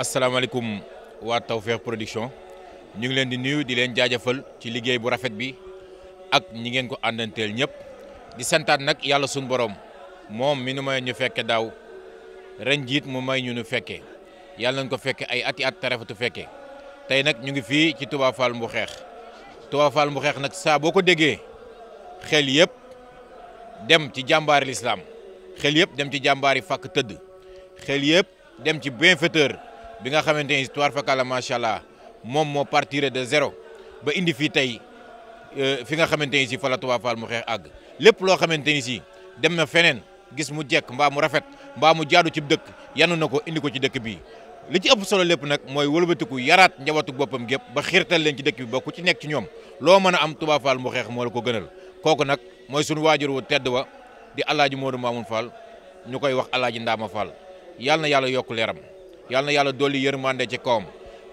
asalaamaaleykum waa Tawfekh Production ñu ngi leen di nuyu di leen jaajëfal ci liggéey bu rafet bi ak ñi ngeen ko àndanteel ñëpp di santaat nag yàlla suñu boroom moom mi nu may ñu fekke daaw ren jiit mu may ñu nu fekkee yàlla nañ ko fekke ay ati at tarafatu fekkee tey nag ñu ngi fii ci Touba Fall Mbuxeex Touba Fall Mbuxeex nag saa boo ko déggee xel yëpp dem ci jàmbaari lislaam xel yëpp dem ci yi fàkk tëdd xel yëpp dem ci bienfaiteur bi nga xamante ni histoire fakala macha allah moom moo partir de zéro ba indi fii tey euh, fi nga xamante ni si fa la mu xeex àgg lépp loo xamante ni si dem na feneen gis mu jekk mbaa mu rafet mbaa mu jaadu ci dëkk yanu na ko indi ko ci dëkk bi li ci ëpp solo lépp nag mooy wëlbatiku yaraat njabootu boppam gépp ba xiirtal leen ci dëkk bi ba ku ci nekk ci ñoom loo mën a am Touba mu xeex moo la ko gënal kooku nag mooy suñu waajur wu tedd wa di alaaji Modou Mamoun Fall ñu koy wax alaaji Ndama Fall na yàlla yokk leeram yàlla yàlla dolli yërmande ci kawam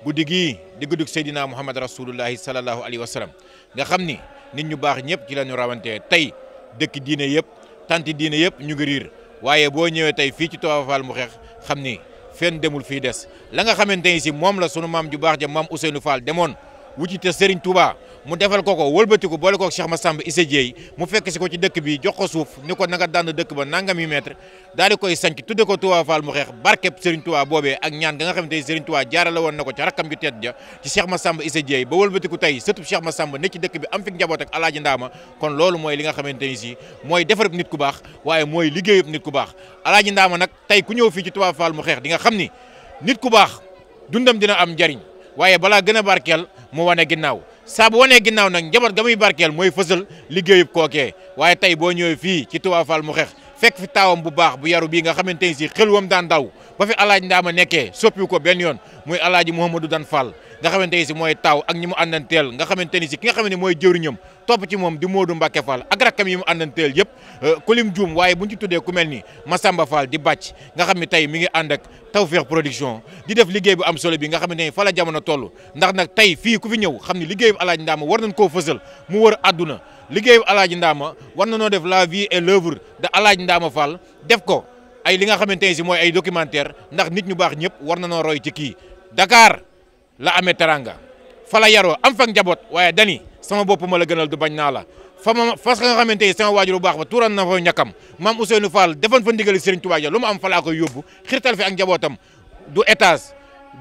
guddi gii di guddug Seydina Muhammad rasulullahi sallallahu alayhi wa sallam nga xam ni nit ñu baax ñëpp ci la ñu rawantee tey dëkk diine yëpp tanti diine yëpp ñu ngi riir waaye boo ñëwee tey fii ci Touba mu xeex xam ni fenn demul fii des la nga xamante ni si moom la sunu maam ju baax ja maam Ousseynou Fall demoon wuti te Serigne Touba mu defal ko ko wëlbati ko boole koog Cheikh Massamba Issa Dieye mu fekk si ko ci dëkk bi jox ko suuf ni ko na nga daan dëkk ba nangami mètre daal di koy sanc tudde ko Touba mu xeex barkeb Serigne Touba boobee ak ñaan ga nga xamante ne Serigne Touba jaarale woon na ko ca rakkam ju tedd ja ci Cheikh Massamba Issa Dieye ba wëlbati ko tey sëtub Cheikh Massamba ne ci dëkk bi am fi njaboot ak alaaji ndaama kon loolu mooy li nga xamante ni si mooy defarub nit ku baax waaye mooy liggéeyub nit ku baax alaaji ndaama nag tey ku ñëw fii ci Touba Fall mu xeex di nga xam ni nit ku baax dundam dina am njariñ waaye balaa gën a barkeel mu wane ginnaaw saa bu wanee ginnaaw nag njaboot ga muy barkeel mooy fësal liggéeyub kooke waaye tey boo ñëwee fii ci Touba Fall mu xeex fekk fi taawam bu baax bu yaru bii nga xamante ni si xel wam daan daw ba fi alaaji ndaama nekkee soppi ko benn yoon muy alaaji Mouhamadou Dan Fall nga xamante ni si mooy taaw ak ñi mu àndanteel nga xamante ni si ki nga xam ne mooy jëriñam topp ci moom di Modou Mbacke Fall ak rakkam yi mu àndanteel yëpp euh, kulim juum waaye buñ ci tuddee ku mel ni Massamba Fall di bàcc nga xam ne tey mi ngi ànd ak Tawfekh Production di def liggéey bu am solo bi nga xamante ni fa la jamono toll ndax nag tey fii ku fi ñëw xam ni liggéey bu Alaaji Ndaama war nañ koo fësal mu wër àdduna liggéey bu Alaaji Ndaama war na noo def la vie et l'œuvre de Alaaji Ndaama Fall def ko ay li nga xamante ni si mooy ay documentaire ndax nit ñu baax ñëpp war na noo roy ci kii Dakar la amee teranga fa la yaroo am fa njaboot waaye dani sama bopp ma la gënal du bañ naa la fa ma fas nga xamante ni sama waajur bu baax ba tuuran na fa ñàkkam maam Ousseynou Fall defoon fa ndigali Serigne Touba ja lu mu am fa laa koy yóbbu xirtal fi ak njabootam du étage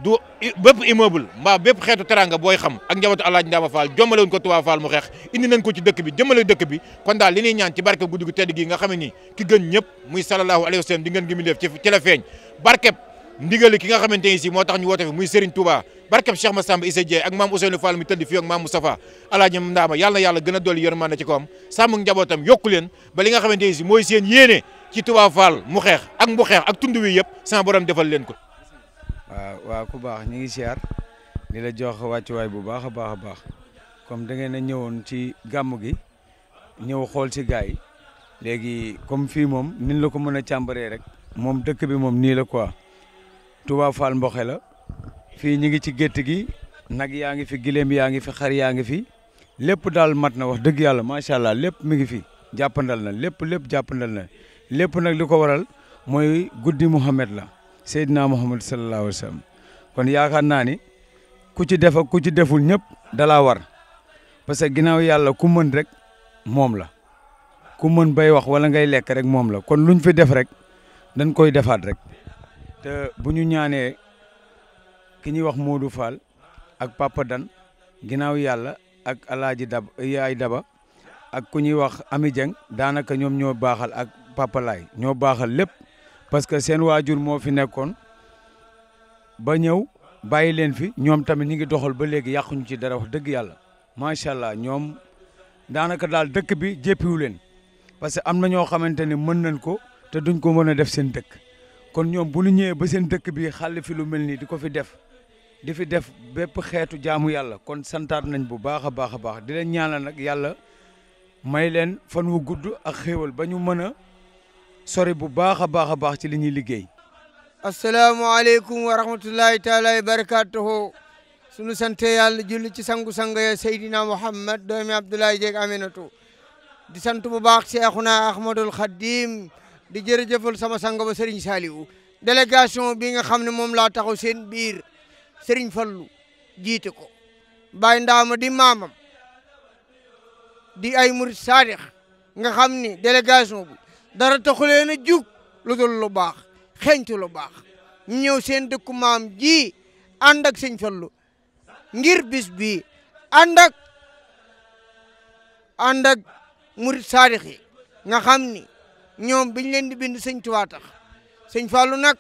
du bépp immeuble mbaa bépp xeetu teranga booy xam ak njabootu Alaaji Ndaama Fall jombale wuñ ko Touba Fall mu xeex indi nañ ko ci dëkk bi jëmale dëkk bi kon daal li ñuy ñaan ci barkeb guddi ne ni ki gën ñëpp muy sallallahu alayhi wa di ngeen gi mu def ci la feeñ ndigali ki nga xamante ni si moo tax ñu woote fi muy Serigne Touba barkeb Cheikh Massamba Issa Dieye ak maam Ousseynou Fall mi tëdd fii ak maam Moustapha alaaji Ndaama yàlla na yàlla gën a dolli yërmande ci kawam sàmm njabootam yokku leen ba nga xamante ni si mooy seen yéene ci Touba Fall mu xeex ak mu xeex ak tund wi yëpp sama borom defal leen ko waaw waaw baax ñu ngi siyaar di la jox wàccuwaay bu baax a baax a baax comme da ngeen a ñëwoon ci gàmm gi ñëw xool si gars yi léegi comme fii moom nin la ko mën a càmbaree rek moom dëkk bi moom nii la quoi Touba Fall Mboxe la fii ñu ngi ci gétt gi nag yaa ngi fi gileem yaa ngi fi xar yaa ngi fi lépp daal mat na wax dëgg yàlla macha allah lépp mi ngi fi jàppandal na lépp lépp jàppandal na lépp nag li ko waral mooy guddi Mouhamed la Seydina Mouhamed sallallahu alayhi wa kon yaakaar naa ni ku ci def ku ci deful ñëpp dalaa war parce que ginnaaw yàlla ku mën rek moom la ku mën bay wax wala ngay lekk rek moom la kon lu ñu fi def rek dañ koy defaat rek. te bu ñu ñaanee ki ñuy wax Modou Fall ak Papa ginnaaw yàlla ak Alaaji Daba yaay Daba ak ku ñuy wax Ami Dieng daanaka ñoom ñoo baaxal ak Papa ñoo baaxal lépp parce que seen waajur moo fi nekkoon ba ñëw bàyyi leen fi ñoom tamit ñu ngi doxal ba léegi yàquñu ci dara wax dëgg yàlla macha allah ñoom daanaka daal dëkk bi jéppiwu leen parce que am na ñoo xamante ne mën nañ ko te duñ ko mën a def seen dëkk kon ñoom bu ñu ñëwee ba seen dëkk bi xàll fi lu mel nii di ko fi def di fi def bépp xeetu jaamu yàlla kon santaat nañ bu baax a baax a baax di leen ñaanal nag yàlla may leen fan wu gudd ak xéewal ba ñu mën a sori bu baax a baax a baax ci li ñuy liggéey. asalaamaaleykum wa rahmatullahi taala wa sunu sante yàlla julli ci sangu-sang ya Seydina Muhammad doomi Abdoulaye jeeg Aminatu di sant bu baax Seexuna Ahmadul Xadim di jërëjëfal sama sang ba Serigne Saliou délégation bi nga xam ne moom laa taxaw seen biir Serigne Fallou jiite ko Baye Ndama di maamam di ay murid saadix nga xam ni délégation bi dara taxuleen a jug lu dul lu baax xeeñtu lu baax ñu ñëw seen dëkku maam ji ànd ak Serigne Fallou ngir bis bi ànd ak ànd ak murid yi nga xam ni ñoom biñ leen di bind sëñ tax sëñ Fallou nag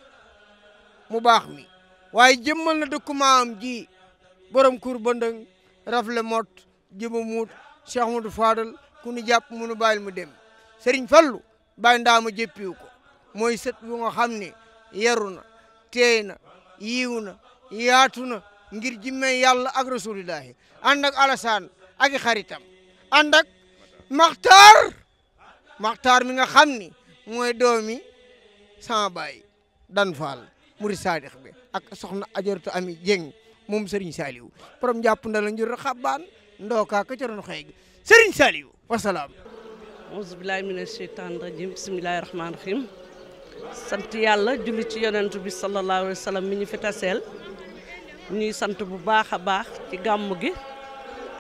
mu baax mi waaye jëmmal na dëkku maam ji borom kur bandëng rafle mot jëma muut Cheikh Modou Fadal ku nu jàpp mu nu bàyyil mu dem sëriñ Fallou bàyyi ndaama jëppiwu ko mooy set bu nga xam ne yaru na teey na yiiw na yaatu na ngir jimmee yàlla ak rasulillahi ànd ak alasaan ak i xaritam ànd ak maxtaar mi nga xam ni mooy doomi sama baay dan faal muri saadix bi ak soxna ajaratu ami jeng moom Serigne Saliou borom jàpp ndala njur xabaan ndookaa ka ca doon xëy gi Serigne Saliou wasalaam auzu billahi mina sheytaan sant yàlla julli ci yonent bi sallallahu alayhi mi ñu fitasel taseel sant bu baax a baax ci gàmm gi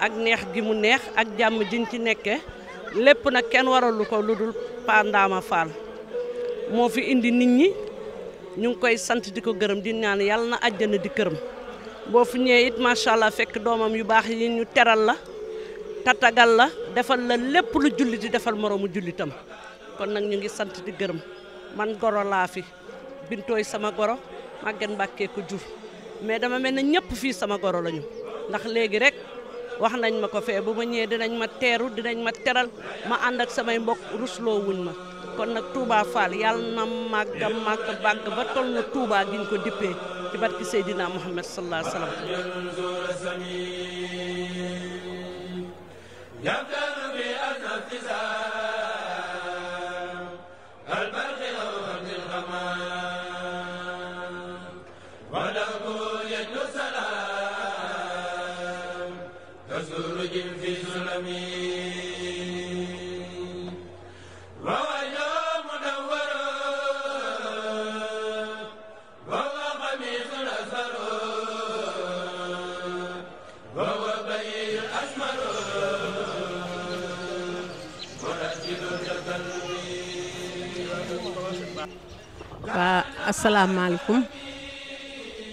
ak neex gi mu neex ak jàmm jiñ ci nekke lépp nag kenn waralu ko lu dul Pa Ndama moo fi indi nit ñi ñu ngi koy sant di ko gërëm di naan yàlla na àjjana di këram boo fu ñëwee it macha allah fekk doomam yu baax yi ñu teral la tatagal la defal la lépp lu julli di defal moroomu jullitam kon nag ñu ngi sant di gërëm man goro laa fi bintooy sama goro màggen mbàkkee ko jur mais dama mel ne ñëpp fii sama goro lañu ndax léegi rek. wax nañ ma ko fee bu ma ñëwee dinañ ma teeru dinañ ma teral ma ànd ak samay mbokk rusloo wuñ ma kon nag Touba Fall yàlla na màgg màgg bàgg ba toll na Touba gi ñu ko dippee ci barki Seydina Muhammad sallallahu alayhi wa sallam asalaamaaleykum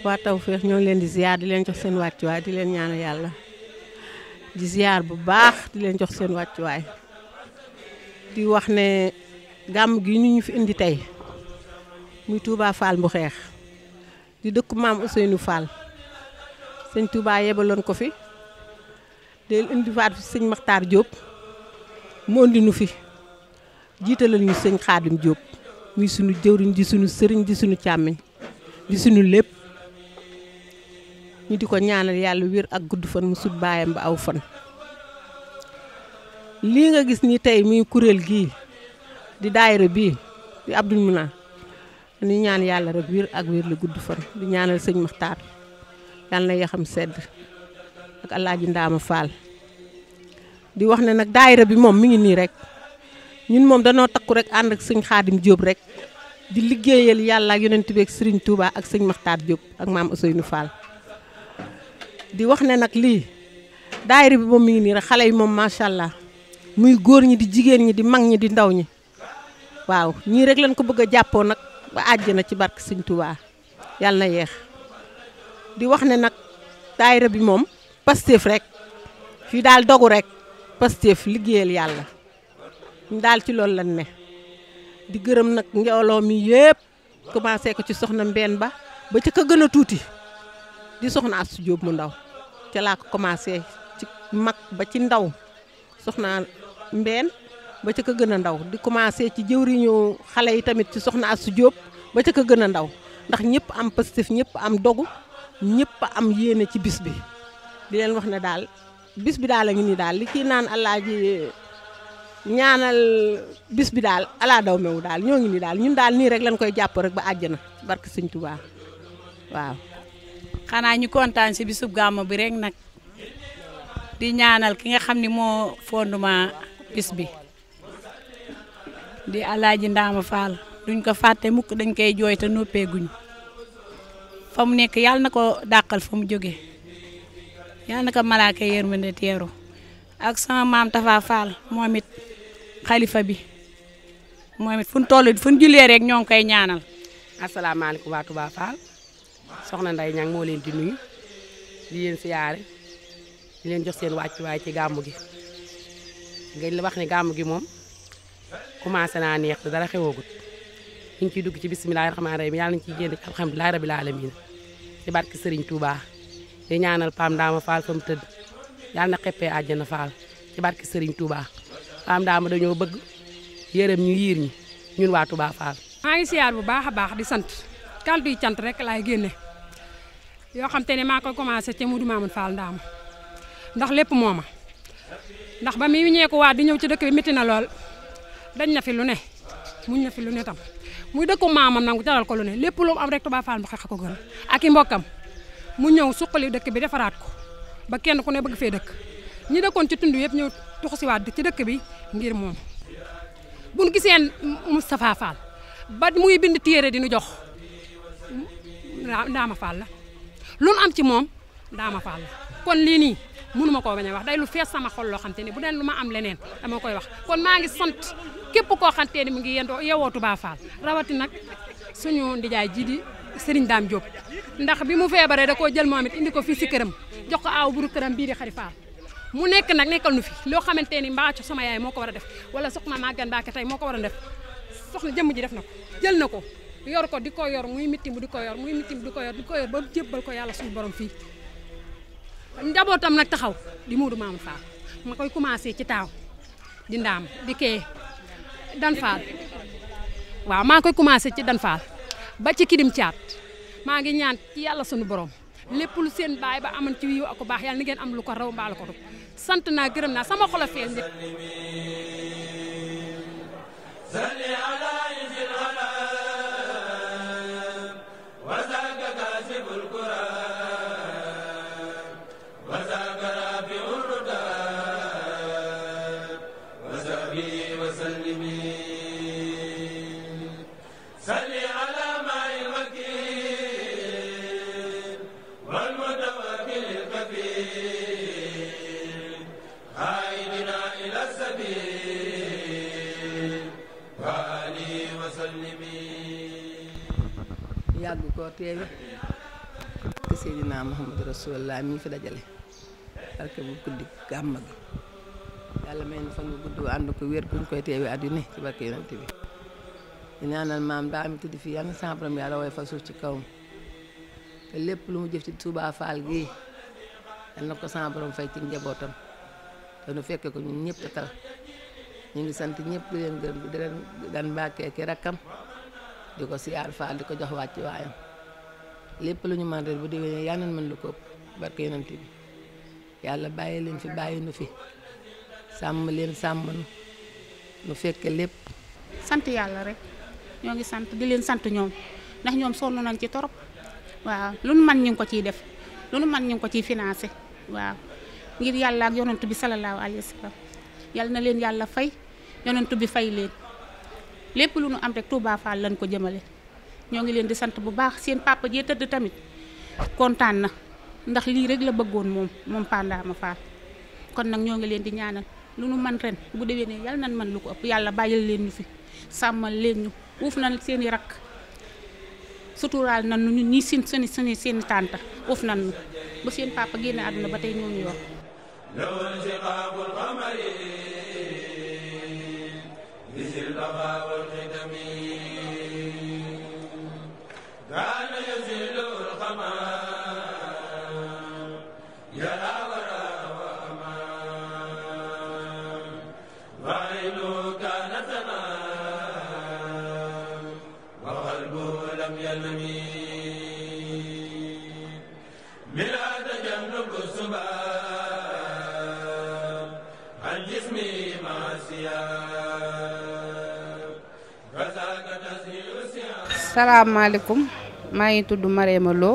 waa Tawfekh ñoo leen di ziar di leen jox seen wàccuwaay di leen ñaanal yàlla di ziar bu baax di leen jox seen wàccuwaay di wax ne gàmm gi ñu ñu fi indi tey muy tuubaa Fall bu xeex di dëkku maam Ousseynou faal sëñ Touba yebaloon ko fi del indi faat fi sëñ Makhtar Diop mu indi nu fi jiitalal ñu sëñ Xaadim Diop. muy sunu jëwriñ di sunu sëriñ di sunu càmmiñ di sunu lépp ñu di ko ñaanal yàlla wér ak gudd fan mu sut baayam ba aw fan lii nga gis ni tey muy kuréel gii di daayira bii di Abdou Minane ni ñaan yàlla rek wiir ak wér la gudd fan di ñaanal sëñ Maxtaar yàlla na yaxam sedd ak Alaaji Ndaama Faal di wax ne nag daayira bi moom mi ngi nii rekk ñun moom danoo takku rek ànd ak sëñ xaadim jóob rek di liggéeyal yàlla ak yonent bi ak sëriñ Touba ak sëñ maxtaat Diop ak maam Ousseynou Fall. di wax ne nag lii daayira bi moom mi ngi nii rek xale yi moom macha allah muy góor ñi di jigéen ñi di mag ñi di ndaw ñi waaw ñii rek lañ ko bëgg a jàppoo nag ba na ci barke sëñ Touba yàlla na yeex di wax ne nag daayira bi moom Pastef rekk fii daal dogu rek Pastef liggéeyal yàlla. daal ci loolu lan ne di gërëm nag njooloo mi yëpp commencé ko ci soxna Mbène ba ba ca ka gën a tuuti di soxna Astou Diop mu ndaw ca laa ko commencé ci mag ba ci ndaw soxna Mbène ba ca ka gën a ndaw di commencé ci jëwriñu xale yi tamit soxna Astou Diop ba ca ka gën a ndaw ndax ñëpp am positif ñëpp am dogu ñëpp am yéene ci bis bi di leen wax ne daal bis bi daal a ngi nii daal li kii naan alaaji ñaanal bis bi daal alaa daw mewu daal ñoo daal ñun daal nii rek lañ koy jàpp rek ba àjjana barke sëñ Tuubaa waaw. xanaa ñu kontaan si bisub gàmm bi rek nag di ñaanal ki nga xam ni moo fondement bis bi di alaaji Ndaama Fall duñ ko fàtte mukk dañ koy jooy te noppee guñ fa mu nekk yàlla na ko dàqal fa mu jóge yàlla na ko malaaka yërmande teeru ak sama maam Tafa Fall moom it xalifa bi mooy it fu ñu toll fu rek ñoo ngi koy ñaanal. asalaamaaleykum waa Touba Fall soxna Ndeye Niang moo leen di nuyu di leen siyaare di leen jox seen wàccuwaay ci gàmmu gi ngeen la wax ni gàmmu gi moom commencé naa neex te dara xewagut ñu ngi dugg ci bisimilah rahmaani rahiim yàlla nañu ciy génn ci alhamdulilah rabil aalamiina ci barke Serigne Touba di ñaanal Pam Dama Fall fa mu tëdd yàlla na xeppee àjjana Fall ci barke Serigne Touba. am daama dañoo bëgg yërëm ñu yiir ñi ñun waa Touba Fall. maa ngi siyaar bu baax a baax di sant kàddu yi cant rek laay génne yoo xam te ne maa ko commencé mu Modou Mamoun Fall ndaam ndax lépp mooma ndax ba muy ñeeku waa di ñëw ci dëkk bi métti na lool dañ na fi lu ne muñ na fi lu ne tam muy dëkku maamam nangu jalal ko lu ne lépp lu am rek Touba Fall mu xeex ko gën aki i mbokkam mu ñëw suqali dëkk bi defaraat ko ba kenn ku ne bëgg fee dëkk. ñi dëkkoon ci tund yëpp ñëw tuxusiwaat ci dëkk bi ngir moom buñ giseen Moustapha Fall ba mu bind téere di nu jox Ndaama Fall la lu am ci moom Ndaama Fall la kon lii nii mënu ma koo bañ a wax day lu fees sama xol loo xam te bu dee lu ma am leneen dama koy wax kon maa ngi sant képp koo xam te ne mu ngi yendoo yewoo Touba Fall rawati nag suñu ndijaay ji di Serigne Dame Diop ndax bi mu feebaree da koo jël moom it indi ko fii si këram jox ko aaw buru bii di Xari mu nekk nag nekkal nu fi loo xamante ni mbaaco sama yaay moo ko war a def wala soxna Maguette Mbacké tey moo ko war a def soxna jëmm ji def na ko jël na ko yor ko di ko yor muy mitim di ko yor muy mitim di ko yor di ko yor ba jébbal ko yàlla suñu borom fii njabootam nag taxaw di Modou Mamoun Fall ma koy commencé ci taaw di ndaam di kee dan waaw maa ngi koy commencé ci dan ba ci kidim caat maa ngi ñaan ci yàlla sunu borom lépp lu seen baay ba am ci wiiw ak ko baax yàlla na ngeen am lu ko raw mbaa lu ko sant naa gërëm naa sama xol a fees de ñaar bu ko teewe te Seydina Muhammad Rasulullah mi fi dajale barke bu guddi gàmm gi yàlla may na fan bu gudd ànd ko wér kuñ koy teewe at yu ne ci barke woy fa suuf ci kawam te lépp lu mu jëf ci Touba Fall gii yal ko sans fay ci njabootam te nu fekke ko ñun ñëpp te ñu ngi sant ñëpp leen gërëm di leen daan mbàkkee rakkam di ko siyaar faal di ko jox wàcc waayam lépp lu ñu man bu déwénee yal nañ lu ko barke yonent bi yàlla bàyyi leen fi bàyyi nu fi sàmm leen sàmm nu nu fekke lépp. sant yàlla rek ñoo ngi sant di leen sant ñoom ndax ñoom sonn nañ ci torop waaw lu nu man ñu ngi ko ciy def lu nu man ñu ngi ko ciy financé waaw ngir yàlla ak yonent bi salallaahu alayhi wa sallam yal na leen yàlla fay yonent bi fay leen. lépp lu nu am rek Touba Fall lañ ko jëmale ñoo ngi leen di sant bu baax seen papa jee tëdd tamit kontaan na ndax lii rek la bëggoon moom moom Pandama Fall kon nag ñoo ngi leen di ñaanal lu nu man ren bu déwénee yàlla nan man lu ko ëpp yàlla bàyyil leen ñu fi sàmmal leen ñu uuf na seeni i rakk suturaal nan nu ñi seen seen seeni seen tànta uuf nan nu ba seen papa génne àdduna ba tey ñoo ñu yor ذكر البقاء والقدم salaamaaleykum maa ngi tudd Marème Lo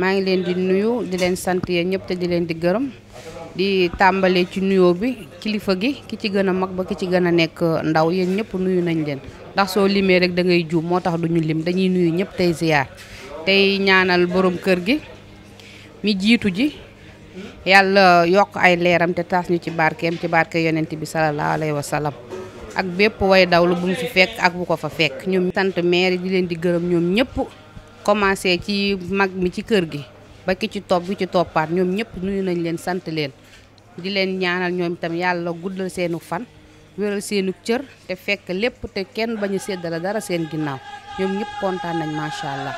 maa ngi leen di nuyu di leen sant yéen ñëpp te di leen di gërëm di tàmbalee ci nuyoo bi kilifa gi ki ci gën a mag ba ki ci gën a nekk ndaw yéen ñëpp nuyu nañ leen ndax soo limee rek da ngay juum moo tax duñu lim dañuy nuyu ñëpp tey ziar tey ñaanal borom kër gi mi jiitu ji yàlla yokk ay leeram te taas ñu ci barkeem ci barke yonent bi salallaahu alayhi wa sallam ak bépp way dawlu bu mu fi fekk ak bu ko fa fekk ñoom sant maire di leen di gërëm ñoom ñëpp commencé ci mag mi ci kër gi ba ki ci topp bi ci toppaat ñoom ñëpp nuyu nañ leen sant leen di leen ñaanal ñoom itam yàlla guddal seenu fan wéral seenu cër te fekk lépp te kenn bañ a séddale dara seen ginnaaw ñoom ñëpp kontaan nañ macha allah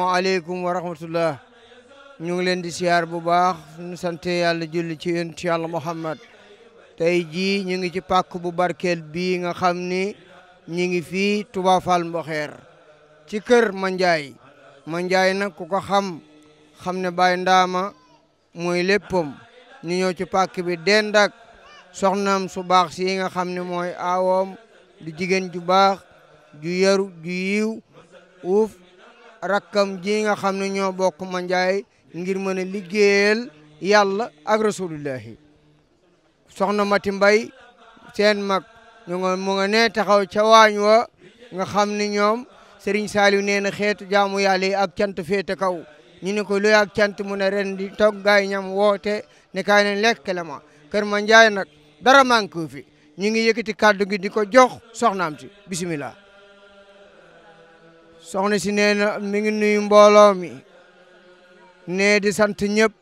asalaamaaleykum wa rahmatullah ñu ngi leen di siyaar bu baax ñu sante yàlla julli ci yonent yàlla Muhammad tey jii ñu ngi ci pàkk bu barkeel bii nga xam ni ñu ngi fii Touba Fall ci kër Mandiaye Mandiaye nag ku ko xam ne bay Ndama mooy léppam ñu ñëw ci pàkk bi dend ak soxnaam su baax si nga xam ne mooy aawoom di jigéen ju baax ju yaru ju yiw uuf rakkam ji nga xam ne ñoo bokk Mandiaye ngir mën a liggéeyal yàlla ak rasulullahi soxna Mati Mbay seen mag ñu nga mu nga ne taxaw ca waañ wa nga xam ni ñoom Serigne Saliou nee na xeetu jaamu yàlla yi ak cant féete kaw ñu ne ko luy ak cant mu ne ren di toog gaay ñam woote ne kaay leen lekk ma kër Mandiaye nag dara manque fi ñu ngi yëkkati kàddu gi di ko jox soxnaam si bisimilah soxna si nee na mi ngi nuyu mbooloo mi nee di sant ñëpp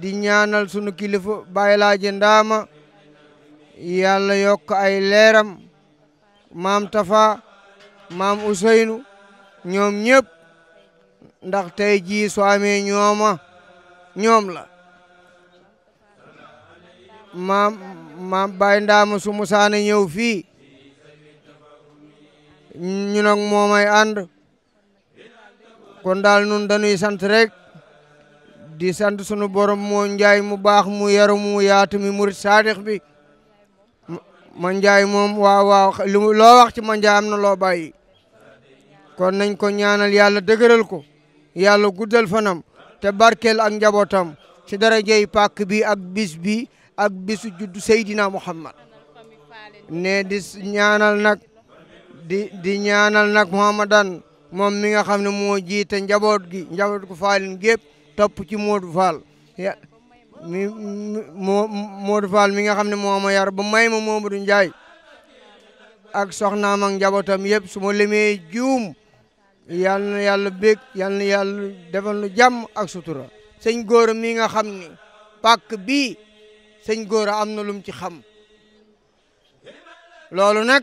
di ñaanal sunu kilifa bàyyi laaji ndaama yàlla yokk ay leeram maam Tafa maam Ousseynu ñoom ñëpp ndax tey jii soo amee ñooma ñoom la maam maam bàyyi ndaama su musaana ñëw fii ñu nag moomay ànd kon daal nun dañuy sant rek di sant sunu borom moo njaay mu baax mu yaru mu yaatu mi murit bi ma njaay moom waaw loo wax ci ma njaay am na loo bàyyi kon nañ ko ñaanal yàlla dëgëral ko yàlla guddal fanam te barkeel ak njabootam ci darajey pàkk bi ak bis bi ak bisu juddu Seydina Muhammad ne di ñaanal nag di ñaanal nag Muhammadan moom mi nga xam ne moo jiite njaboot gi njaboot gu faalin gépp topp ci Modou Fall mi Modou Fall mi nga xam ne moo ma yar ba may ma Momadou Ndiaye ak soxnaam ak njabootam yëpp su ma limee juum yal na yàlla bég yal na yàlla defal nu jàmm ak sutura sëñ góor mi nga xam ni pàkk bii sëñ góor am na lum ci xam loolu nag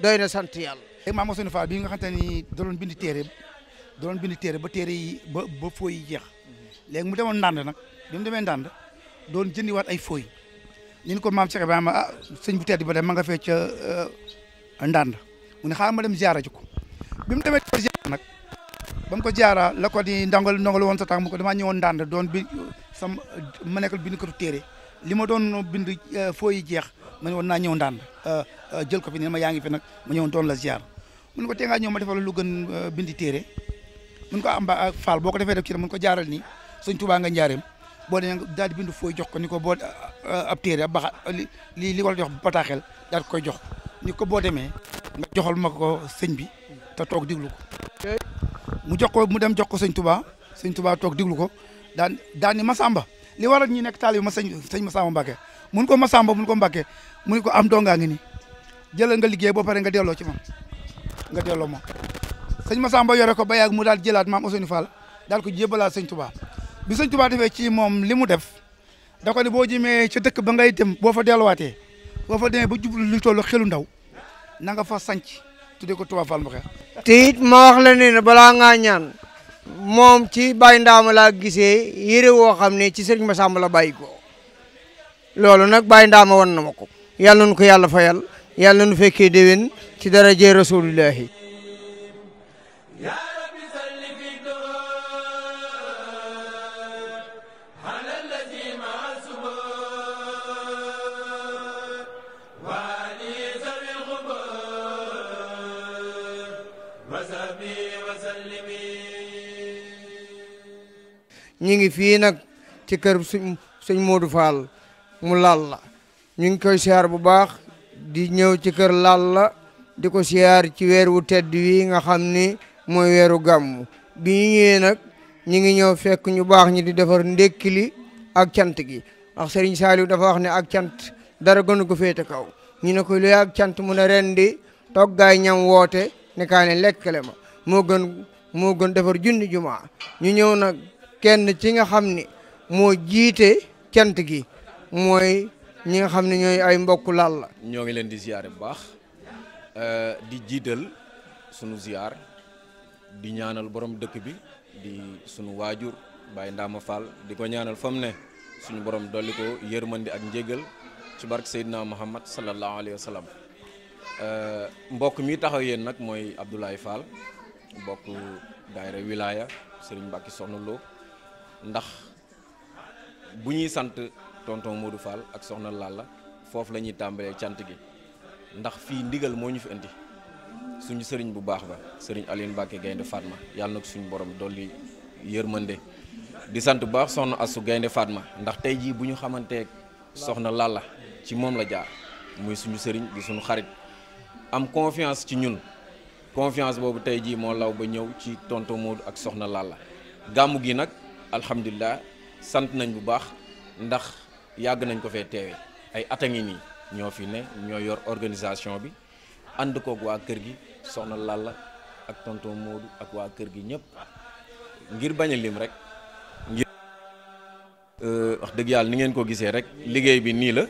doy na sant yàlla. maam Ousseynou Fall bi nga xamante ni daloon bind téere daloon bind ba téere yi ba ba fooy jeex léegi mu demoon ndànd nag bi mu demee ndànd doon jëndiwaat ay fooy ñu ko maam Cheikh Ibrahima ah sëñ bu tedd ba dem ma nga fee ca euh, ndànd mu ne xaaral ma dem jaara ji ko bi nag ba ko ziara la ko di ndongal ndongal woon sa tànk ko damaa ñëwoon ndànd doon bi sam ma nekkal bind katu téere li ma doon bind euh, fooy yi jeex. ma ne woon naa ñëw ndànd euh, euh, jël ko fi ne ma yaa ngi fi nag ma ñëw doon la ziar mun ko tee ngaa ñëw ma defal lu gën euh, bindi téere mun ko am ba faal boo ko defee def ci mun ko jaaral nii sëñ Tuubaa nga njaareem boo demee nga daal di bind fooy jox ko ni ko boo ab téere ab baxa li li li wala bataaxel daal koy jox ni ko boo demee nga joxal mag ko sëñ bi te toog diglu ko mu jox ko mu dem jox ko sëñ Tuubaa sëñ Tuubaa toog diglu ko daan daan ni Masamba li waral ñii nekk taalibe ma sëñ sëñ Masamba Mbàkke mun ko Masamba mun ko Mbacke mun ko am dongaa ngi ni jëlal nga liggéey boo pare nga delloo ci ma nga delloo moom sëñ Masamba yore ko ba yàgg mu daal jëlaat maam Ousseynou Fall daal ko jébalaat sëñ Touba bi sëñ Touba defee ci moom li mu def da ko ne boo jëmee ci dëkk ba ngay dem boo fa delluwaatee boo fa demee ba jublu lu tollu xelu ndaw na nga fa sanc tuddee ko Touba Fall Mbacké te it ma wax ne balaa ngaa ñaan moom ci Baye ma laa gisee yére woo xam ne ci sëñ Masamba la bàyyi ko loolu nag bàyyi ndaama won na ma ko yàlla nu ko yàlla fayal yàlla nu fekkee déwén ci daraje rasulillahi ñi ngi fii nag ci kër suñ suñ Modou Fall mu laal la ñu ngi koy siyaar bu baax di ñëw ci kër laal la di ko siyaar ci weer wu tedd wi nga xam ni mooy weeru gàmmu bi ñu ñëwee nag ñu ngi ñëw fekk ñu baax ñi di defar ndékki li ak cant gi ndax Serigne Saliou dafa wax ne ak cant dara gënu ko féete kaw ñu ne ko luy ak cant mu ne rendi toggaay ñam woote ne kaa ne lekkale ma moo gën moo gën defar junni jumaa ñu ñëw nag kenn ci nga xam ni moo jiite cant gi mooy ñi nga xam ne ñooy ay mbokku laal la. ñoo ngi leen di ziare bu baax eh, di jiital sunu ziar di ñaanal borom dëkk bi di sunu waajur Baye Ndama Fall di ko ñaanal fa mu ne suñu borom dolli ko yërmandi ak njégal ci barke Seydina Muhammad sallallahu alayhi wa sallam eh, mbokk mi taxaw yéen nag mooy Abdoulaye Fall mbokk daayira wilaya Serigne Mbacke Soxna Lo ndax bu ñuy sant. tonton Modou Fall ak soxna Lalla foofu la ñuy tàmbalee cant gi ndax fii ndigal moo ñu fi indi suñu sëriñ bu baax ba sëriñ Alioune Mbacke Gaynde Fatma yàlla na ko suñu borom dolli yërmande di sant bu baax soxna Asou Gaynde Fatma ndax tey jii bu ñu xamante soxna Lalla ci moom la jaar muy suñu sëriñ di suñu xarit am confiance ci ñun confiance boobu tey jii moo law ba ñëw ci tonton Modou ak soxna Lalla gàmmu gi nag alhamdulilah sant nañ bu baax ndax. yàgg nañ ko fee teewee ay at a ngi nii ñoo fi ne ñoo yor organisation bi ànd koog waa kër gi soxna Lalla ak tonton Modou ak waa kër gi ñëpp ngir bañ a lim rek ngir euh, wax dëgg yàlla ni ngeen ko gisee rek liggéey bi nii la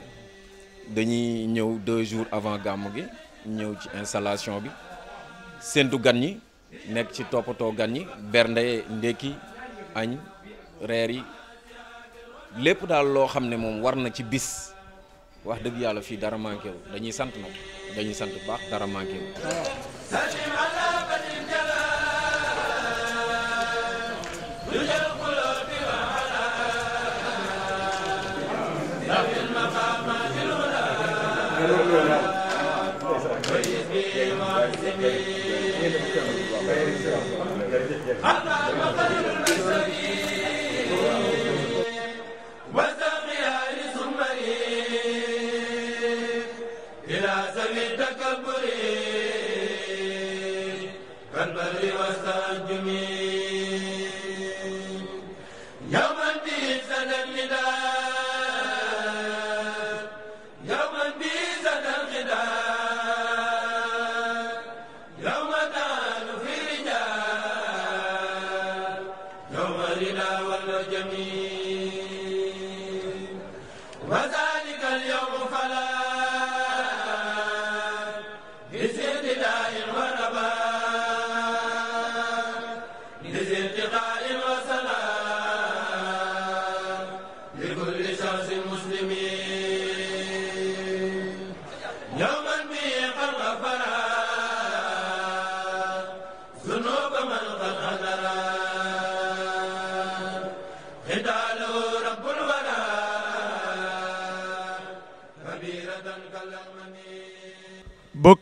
dañuy ñëw deux jours avant gàmmu gi ñëw ci installation bi séntu gan ñi nekk ci toppatoo gan ñi bernde ndékki añ reer yi lépp daal loo xam ne moom war na ci bis wax dëgg yàlla fii dara manqué dañuy sant nag dañuy sant bu baax dara manqué wu. waaw.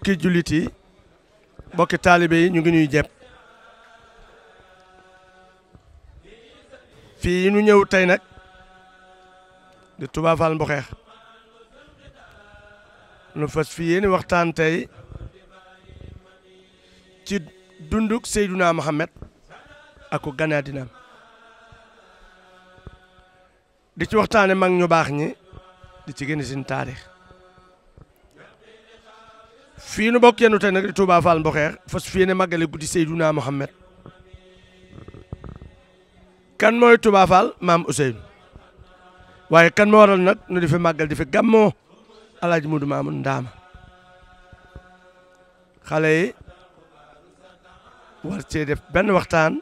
mbokki jullit yi mbokki taalibe yi ñu ngi ñuy jëpp fii ñu ñëw tey nag di Touba Fall nu fas fi yéeni waxtaan tey ci dunduk Seyduna Muhammad ak ko gane àddinaam di ci waxtaan mag ñu baax ñi di ci génn seen taarix fii nu bokk yenn tey nag di Touba Fall Mboxeer fas fii ne màggale guddi Seydouna Mohamed kan mooy Touba Fall maam Ousseynou waaye kan moo waral nag nu di fi màggal di fi gàmmoo Alaaji Mudu Maamun Ndaama xale war cee def benn waxtaan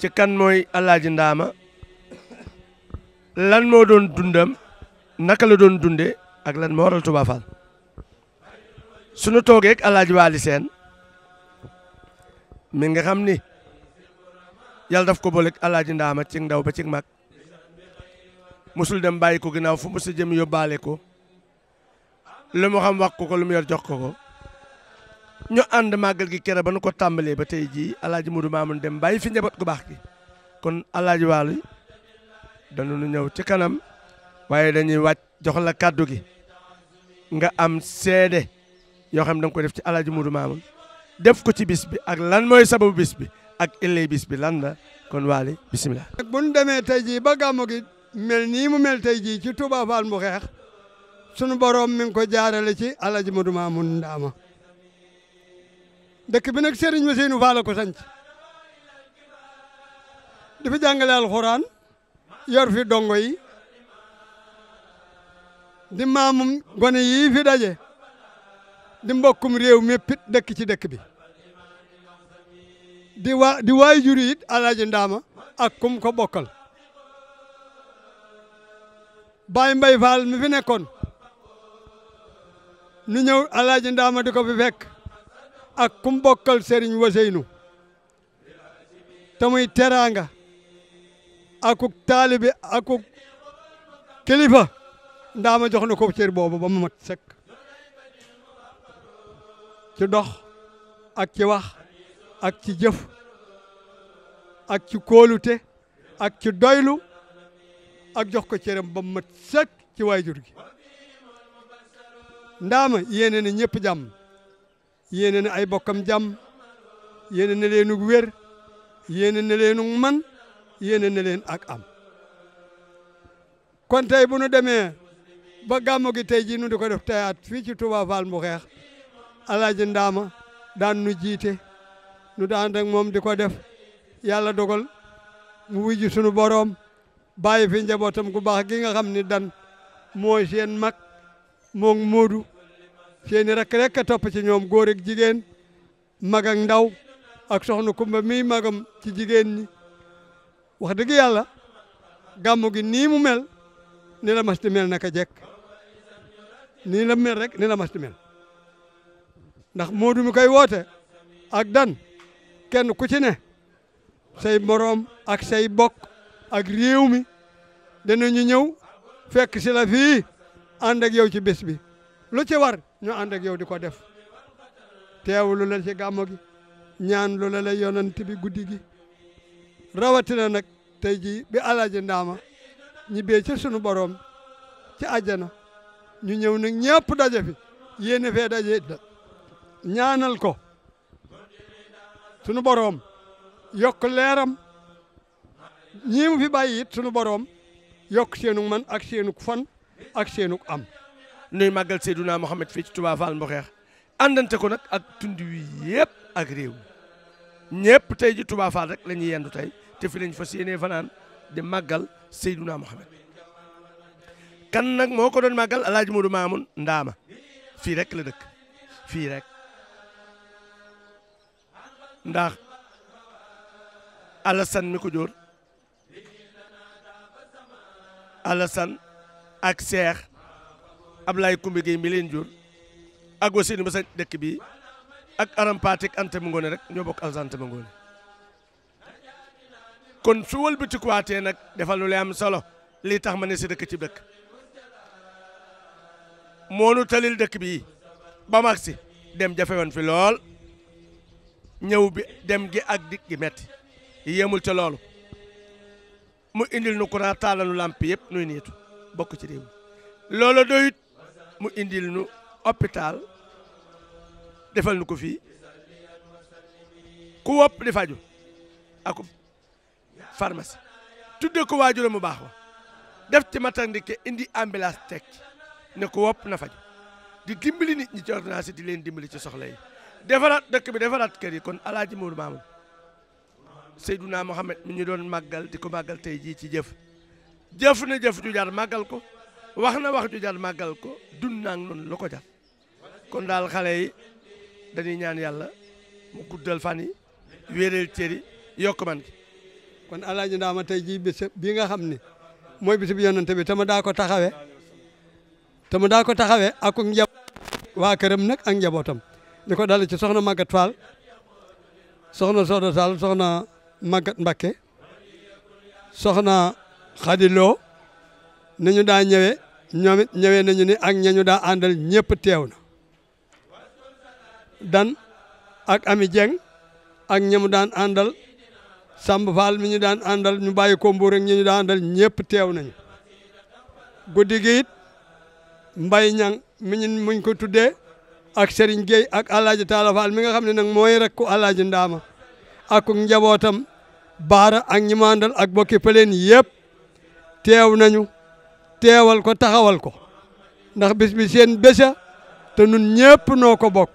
ci kan mooy Alaaji Ndaama lan moo doon dundam naka la doon dunde ak lan moo waral Touba Fall suñu toogee ak Alaaji Waali Seen mi nga xam ni yàlla daf ko booleeg Alaaji Ndaama ci ndaw ba ci mag musul dem bàyyi ko ginnaaw fu mu jëm yóbbaale ko lu mu xam wax ko ko lu mu yor jox ko ko ñu ànd màggal gi kere ba nu ko tàmbalee ba tey jii Alaaji Mudu Maamun dem bàyyi fi njaboot gu baax gi kon Alaaji Waali danu nu ñëw ci kanam waaye dañuy wàcc jox la kàddu gi nga am seede yoo xam ne da nga koy def ci alaaji Modou Mamoun def ko ci bis bi ak lan mooy sababu bis bi ak illay bis bi lan la kon waali bisimilah. bu ñu demee tey jii ba gàmmu mel nii mu mel tey jii ci Touba Fall mu sunu borom mi ko jaarale ci alaaji Modou Mamoun Ndaama dëkk bi nag Serigne Ousseynou Fall ko sanc dafa jàngale alxuraan yor fi dongo yi di maamum gone yii fi daje. di mbokkum réew méppit dëkk ci dëkk bi di waa di waay alaaji ndaama ak kum ko bokkal Baye Mbaye Fall mi fi nekkoon nu ñëw alaaji ndaama di ko fi fekk ak kum bokkal sëriñ waseynu te muy teraanga akuk taalibi akuk kilifa ndaama jox na ko cër boobu ba mu mat ci dox ak ci wax ak ci jëf ak ci kóolute ak ci doylu ak jox ko cëram ba mat sëkk ci waajur gi ndaama yéene na ñëpp jàmm yéene na ay bokkam jàmm yéene na leenug wér yéene na leenug man yéene na leen ak am kon tey bu nu demee ba gàmmu gi tey jii nu di ko def teyaat fii ci Touba Fall Mbuxeex alaaji ndaama daan nu jiite nu daan ak moom di ko def yàlla dogal mu wujji sunu boroom bàyyi fi njabootam gu baax gi nga xam ni dan mooy seen mag moo Moodu seeni rakk rekk a topp ci ñoom góor jigéen mag ak ndaw ak soxna Kumba mi magam ci jigéen ñi wax dëgg yàlla gàmmu gi niimu mel ni la mas di mel naka jekk nii la mel rek ni la mas mel ndax Moodu mi koy woote ak dan kenn ku ci ne say moroom ak say bokk ak réew mi ñu ñëw fekk si la fii ànd ak yow ci bés bi lu ci war ñu ànd ak yow di ko def teewlu la ci gàmmo gi ñaan lu la la yonent bi guddi gi rawatina nag tey jii bi alaaji ndaama ñi bee ci sunu borom ci àjjana ñu ñëw nag ñëpp daje fi yéene fee daje ñaanal ko sunu boroom yokk leeram ñii mu fi bàyyi it sunu boroom yokk seenug man ak seenug fan ak seenug am nuy màggal Seydouna Mohamed fii ci Touba Fall Mboxeex àndante ko nag ak tund wi yëpp ak réew mi ñëpp tey ji Touba Fall rek la ñuy yendu tey te fi lañ fas yéenee fanaan di màggal Seydouna Mohamed kan nag moo ko doon màggal El Hadj Modou Mamoun Ndaama fii rek la dëkk ndax Alassane mi ko jóor Alassane ak Cheikh ab Koumbi Gueye mi leen jóor ak aussi ni ma dëkk bi ak aram patik ante mu rek ñoo bokk alsante mu ngoone kon su wëlbati kuwaatee nag defal lu lay am solo lii tax ma ne si dëkk ci dëkk moonu talil dëkk bii ba mag si dem jafewoon fi lool ñëw bi dem gi ak dikk gi metti yéemul ca loolu mu indil nu courant taalanu làmp yëpp nuy niitu bokk ci réew mi loolu mu indil nu hôpital defal nu ko fii ku wopp di faju ak pharmacie tudde ko waajur mu baaxu def ci maternité indi ambulance teg ne ku na faju di dimbali nit ñi di leen dimbali ci soxla yi defaraat dëkk bi defaraat kër yi kon alaaji Mourou Mamoun Seydouna Mohamed mi ñu doon màggal di ko màggal tey jii ci jëf jëf na jëf ju jar màggal ko wax na wax ju jar màggal ko dund naa noonu la ko jar kon daal xale yi dañuy ñaan yàlla mu guddal fan yi wéeréel yokk man gi kon alaaji Ndaama tey jii bis bi nga xam ni mooy bis bi yonante bi tama daa ko taxawe tama daa ko taxawe ak waa këram nag ak njabootam li ko dale ci soxna Maguette Fall soxna Soda Sall soxna Maguette Mbakke soxna Khady Lo ni ñu daa ñëwee ñoom it ñëwee nañu ni ak ñañu daa àndal ñëpp teew na dan ak Ami Dieng ak ñamu daan àndal Samb Fall mi ñu daan àndal ñu bàyyi ko Mbuur ak ñi ñu daan àndal ñëpp teew nañu guddi gi it Mbaye mi ñu muñ ko tuddee ak Serigne Gueye ak Alaaji Taala mi nga xam ne nag mooy rek ku Alaaji Ndaama ak njabootam baara ak ñi ma àndal ak bokki pëleen yëpp teew nañu teewal ko taxawal ko ndax bis bi seen bésa te nun ñëpp noo ko bokk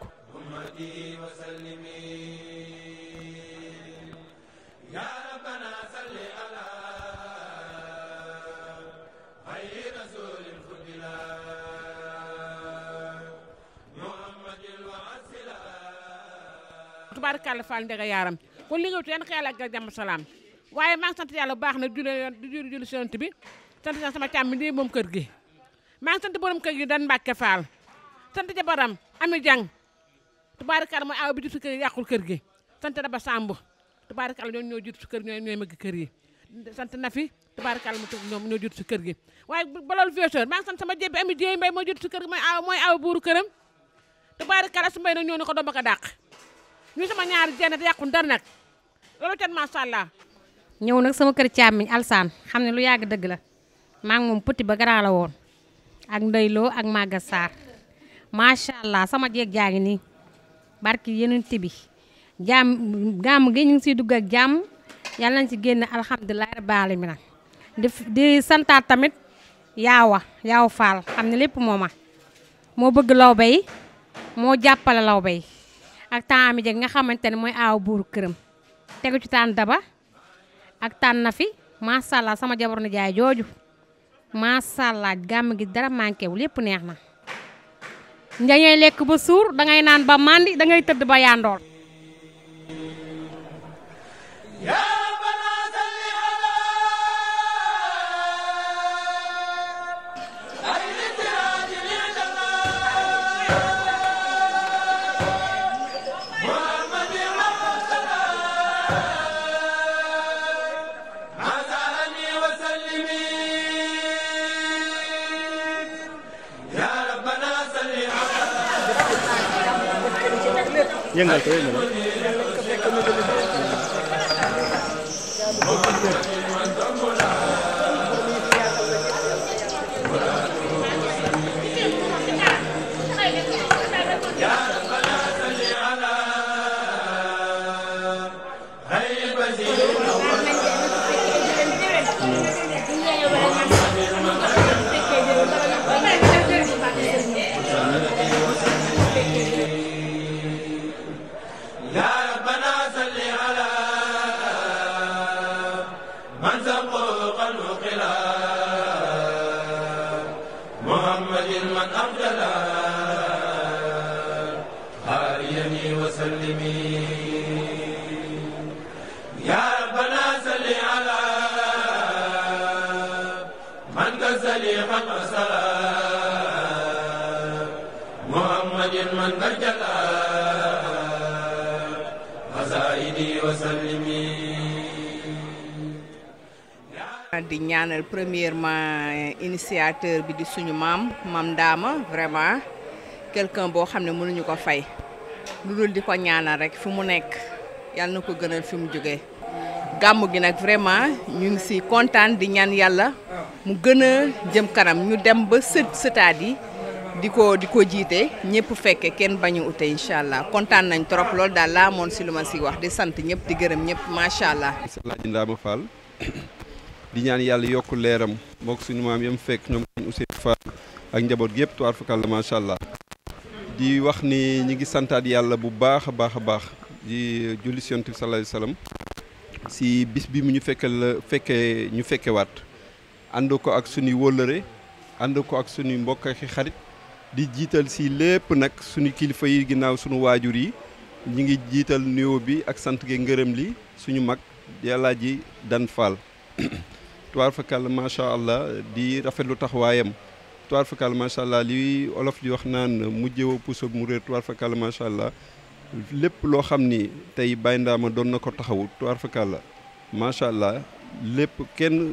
tubaarkàlla Fall ndega yaaram kon li nga wut yan xeel ak jàmm salaam waaye maa ngi sant yàlla bu baax na julli yoon di julli bi sant naa sama càmm moom kër gi maa ngi sant borom kër gi dan Mbàkke Fall sant jabaram ami jàng tubaarkàlla mooy aw bi kër yi yàqul kër gi sant Daba Samb tubaarkàlla ñoom ñoo jiitu si kër ñooy ñooy mëgg kër yi sant na fi tubaarkàlla mu ñoom ñoo jiitu si kër gi waaye balool vioseur maa ngi sant sama jébbi ami jéey mbay moo jiitu kër gi mooy aw mooy aw buuru këram tubaarkàlla su mbay nag ñoo ne ko doom ba ko dàq ñu sama ñaari jenn te yàqun dara nag loolu kenn macha allah. ñëw nag sama kër càmmiñ alsaan xam ne lu yàgg dëgg la maa ngi moom pëti ba gara la woon ak ndeyloo ak màgga saar macha allah sama jeeg jaa ngi nii barki yeneen tibi jàmm gàmm gi ñu ngi siy dugg ak jàmm yàlla nañ ci génn alhamdulilah rabbil alamin di di santaat tamit yaawa yaaw faal xam ne lépp moo ma moo bëgg lawbe yi moo jàppale lawbe ak temps ami jeg nga xamante ne mooy aaw buuru këram tegu ci taan daba ak taan na fi macha allah sama jabar na jaay jooju macha allah gàmm gi dara manqué wul lépp neex na. da ngay lekk ba suur da ngay naan ba màndi da ngay tëdd ba yaandoor. yëngal ko yëngal di ñaanal première premièrement initiateur bi di suñu maam maam Ndaama vraiment quelqu'un boo xam ne mënuñu ko fay lu dul di ko ñaanal rek fi mu nekk yàlla na ko gënal fi mu jógee gàmmu gi nag vraiment ñu ngi si kontaan di ñaan yàlla mu gën a jëm kanam ñu dem ba sët sëtaat yi di ko di ko jiite ñëpp fekke kenn bañu ute incha allah kontaan nañ trop loolu daal laa moon si lu ma si wax di sant ñëpp di gërëm ñëpp macha allah. Alaaji Ndaama Fall di ñaan yàlla yokk leeram mook suñu maam yam fekk ñoom dañ Ousseynou Fall ak njaboot gi yëpp tuwaar fakal la macha allah. di wax ni ñi ngi santaat yàlla bu baax a baax a baax di julli si Yonent bi sallallahu alayhi wasallam si bis bi mu ñu fekkal fekkee ñu fekkewaat ànd ko ak suñuy wóllëre ànd ko ak suñuy mbokk ak xarit di jiital si lépp nag suñu kilifa yi ginnaaw suñu waajur yi ñu ngi jiital nuyoo bi ak sant gi ngërëm li suñu mag yàllaa ji dan faal tuwaar fakal allah di rafetlu taxawaayam tuwaar fakal macha allah li olof di wax naan mujjewoo puso mu réer tuwaar macha allah lépp loo xam ni tey Baye Ndama doon na ko taxawu tuwaar macha allah lépp kenn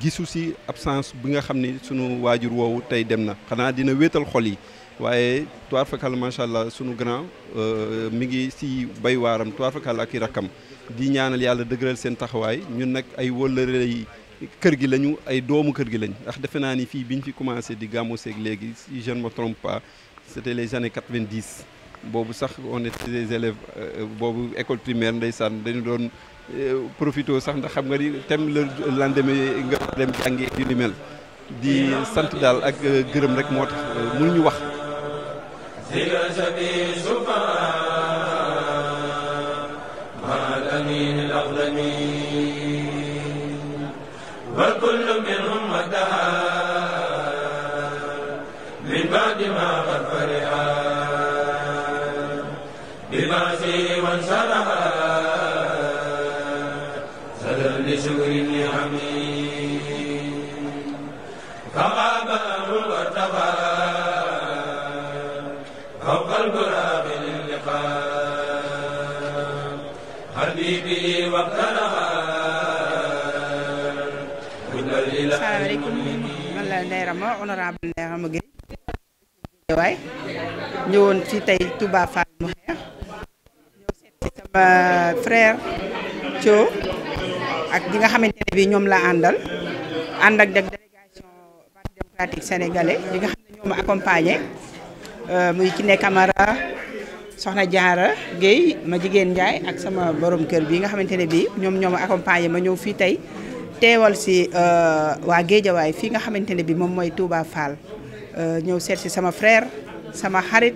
gisu si absence bi nga xam ni sunu waajur woowu tey dem na xanaa dina wéetal xol yi waaye toir fakal macha allah sunu grand euh, mi ngi si bay waaram toir fakal ak i rakkam di ñaanal yàlla dëgëral seen taxawaay ñun nag ay wëllëre yi kër gi lañu ay doomu kër gi lañ ndax defe naa ni fii bi ñu fi commencé di gàmmu seeg léegi si je ne me trompe pas c'était les années 90 boobu sax on était des élèves euh, boobu école primaire ndeysaan dañu doon Euh, profité sax ndax xam nga ni thème le lendemain nga dem jàngi di ni mel di sant daal ak euh, gërëm rek moo tax euh, mënuñu wax asalaamaaleykum man la Ndeye Rama honorable Ndeye Rama Gueye ci tey Touba mu xeex frère Thio ak ñi nga xamante ne bi ñoom la àndal ànd ak délégation parti démocratique sénégalais ñi nga xam ne ñoo ma accompagné euh, muy Kiné Camara soxna Diarra Guèye ma jigéen Ndiaye ak sama borom kër bi nga xamante ne bii ñoom ñoo ma ma ñëw fii tey teewal si euh, waa Géejawaay fii nga xamante ne bii moom mooy Touba Fall euh, ñëw seet sama frère sama xarit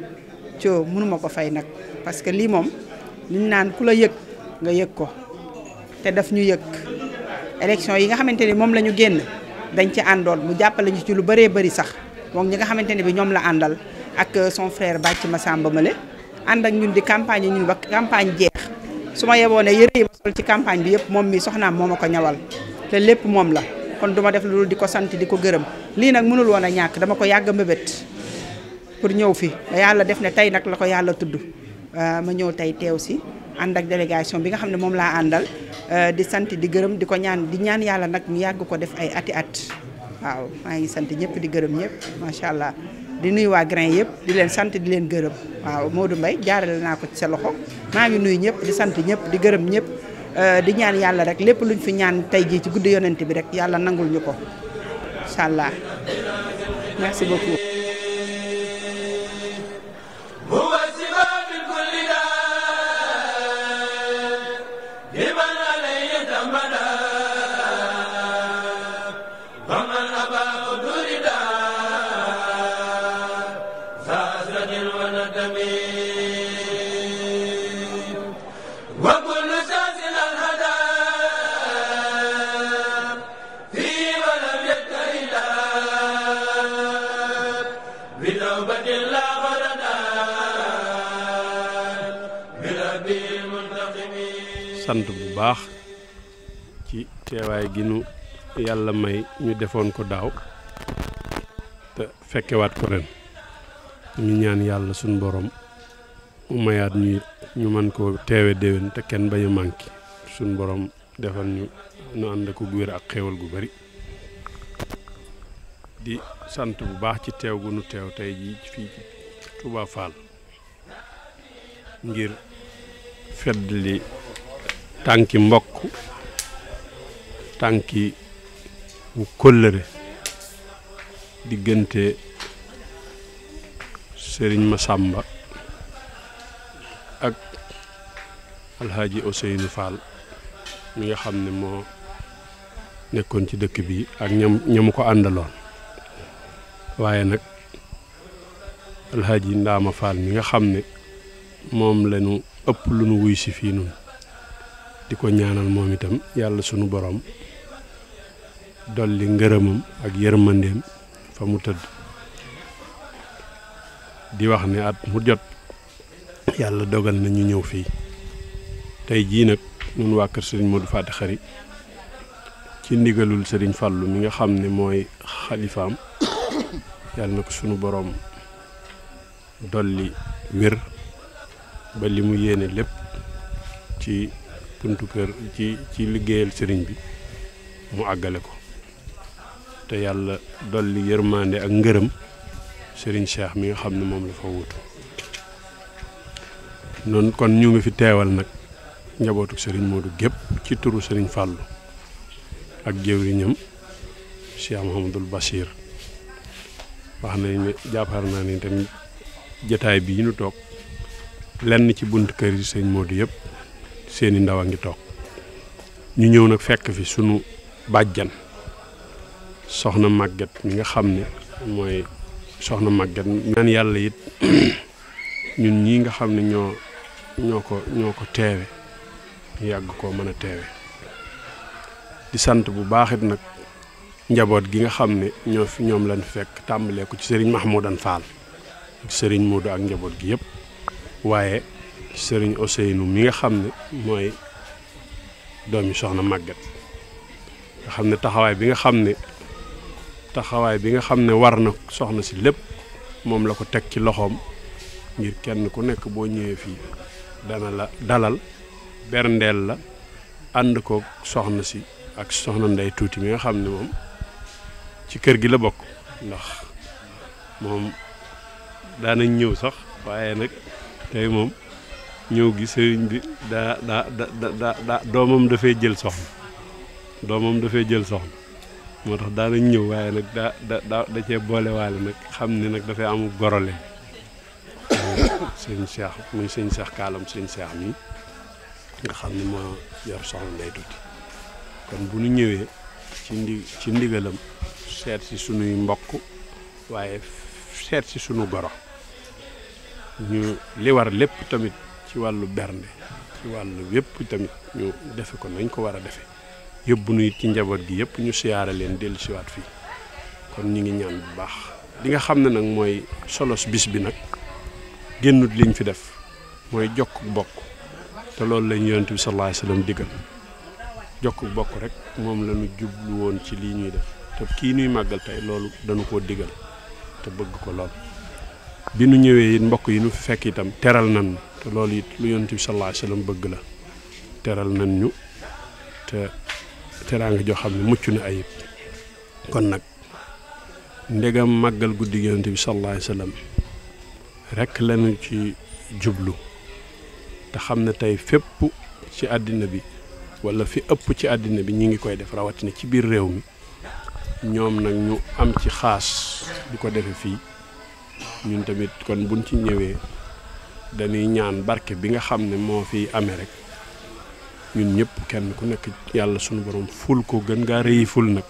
mënuma ko fay nag parce que lii moom ñu naan ku la yëg nga yëg ko te daf ñu yëg élection yi nga xamante ne moom la ñu génn dañ ci àndoon mu jàppale ñu ci lu bëree bëri sax moom ñi nga xamante ne bi ñoom la àndal ak euh, son frère Bàcc Masamba Male ànd ak ñun di campagne ñun ba campagne jeex su ma yeboo ne yëre yi ma sol ci campagne bi yëpp moom mi soxnaam moo ma ko ñawal te lépp moom la kon duma def lu dul di ko sant di ko gërëm lii nag mënul woon a ñàkk dama ko yàgg a mbébét pour ñëw fi yàlla def ne tey nag la ko yàlla tudd euh, ma ñëw tey teew si ànd ak délégation bi nga xam ne moom laa àndal euh, di sant di gërëm di ko ñaan di ñaan yàlla nag mu yàgg ko def ay ati at waaw maa ngi sant ñëpp di gërëm ñëpp macha allah. di nuyu waa Grain yëpp di leen sant di leen gërëm waaw moo du mbay jaarale naa ko ci sa loxo maa ngi nuyu ñëpp di sant ñëpp di gërëm ñëpp euh, di ñaan yàlla rek lépp lu luñ fi ñaan tey jii ci guddi yonent bi rek yàlla nangul ñu ko incha allah merci beaucoup. teewaay gi nu yàlla may ñu defoon ko daaw te fekkewaat ko ren ñu ñaan yàlla suñ boroom mu mayaat ñu ñu mën ko teewe déwén te kenn bañ a manqué suñ defal ñu nu ànd ko gu ak xéewal gu bari di sant bu baax ci teew gu nu teew tey jii fii ci ngir fedd li tànki mbokk tànki wu kóllëre diggante sëriñ ma Masamba ak alxaaji Ousseynou Fall mi nga xam ne moo nekkoon ci dëkk bi ak ñam ñamu ko àndaloon waaye nag alxaaji Ndaama Fall mi nga xam ne moom lañu ëpp lu nu wuy si fii noonu di ko ñaanal moom itam yàlla sunu boroom dolli ngërëmam ak yërmandeem fa mu tëdd di wax ni at mu jot yàlla dogal nañu ñëw fii tey jii nag ñun waa kër sëriñ Modou Faty Khary ci ndigalul sëriñ Fallou mi nga xam ne mooy xalifaam yàlla na ko sunu boroom dolli wér ba li mu yéene lépp ci buntu kër ci ci liggéeyal sëriñ bi mu àggale ko te yàlla dolli yërmande ak ngërëm sëriñ Cheikh mi nga xam ne moom la fa wutu noonu kon ñu ngi fi teewal nag njabootu Serigne Modou gépp ci turu sëriñ Fallou ak ñam Cheikh Mouhamadul Bachir wax nañ ne jàppar naa ni tamit jataay bi ñu toog lenn ci bunt kër yi Serigne Modou yëpp seeni ndaw a ngi toog ñu ñëw nag fekk fi sunu bàjjan soxna màgget mi nga xam ne mooy soxna màgget ñaan yàlla it ñun ñii nga xam ne ñoo ñoo ko ñoo ko teewe ñu yàgg koo mën a teewe di sant bu baaxit nag njaboot gi nga xam ne ñoo fi ñoom lañ fekk tàmbalee ko ci sëriñ Mahmoudan Fall ak sëriñ Modou ak njaboot gi yëpp waaye sëriñ Ousseynou mi nga xam ne mooy doomi soxna màgget nga xam ne taxawaay bi nga xam ne taxawaay bi nga xam ne war na soxna si lépp moom la ko teg ci loxoom ngir kenn ku nekk boo ñëwee fii dana la dalal berndeel la ànd ko soxna si ak soxna Ndey Tuuti mi nga xam ne moom ci kër gi la bokk ndax moom daanañ ñëw sax waaye nag tey moom ñëw gi sëriñ bi daa daa daa daa doomam dafay jël soxna doomam dafay jël soxna moo tax daanañ ñëw waaye nag daa da da da cee boolewaale nag xam ne nag dafay amu gorole sëñ Seex muy sëñ Seex kaalam sëñ Seex mi nga xam ne moo yor soxna Ndey Tuuti kon bu nu ñëwee ci ci ndigalam seet si sunuy mbokk waaye seet si sunu goro ñu li war lépp tamit ci wàllu bernde ci wàllu yépp tamit ñu defe ko nañ ko war a defe yëpp nu it ci njaboot gi yëpp ñu siyaare leen dellu siwaat fii kon ñu ngi ñaan bu baax li nga xam ne nag mooy solos bis bi nag génnut liñ fi def mooy jokk bokk te loolu lañ yonent bi sallallahu alayhi wasallam diggal jokk bokk rek moom la ñu jublu woon ci lii ñuy def te kii nuy màggal tey loolu dañu koo diggal te bëgg ko lool bi nu ñëwee it mbokk yi nu fi fekk itam teral nan te loolu it lu yonent bi sallallahu bëgg la teral nan ñu te teraanga joo xam ne mucc na ayib kon nag ndegam màggal guddi yonent bi sallallahu alayhi rekk lañu ci jublu te xam ne tey fépp ci àddina bi walla fi ëpp ci àddina bi ñu ngi koy def rawatina ci biir réew mi ñoom nag ñu am ci xaas di ko defe fii ñun tamit kon buñ ci ñëwee dañuy ñaan barke bi nga xam ne moo fiy amee rek ñun ñëpp kenn ku nekk yàlla sunu borom ful ko gën ngaa rëyi ful nag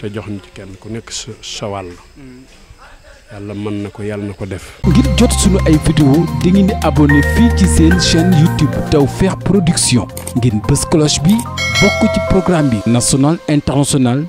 te jox ñu ci kenn ku nekk sa sa yàlla mën na ko yàlla na ko def. ngir jot sunu ay vidéo di ngeen di abonné fii ci seen chaîne YouTube Tawfekh Production ngeen bës cloche bi bokk ci programme bi national international.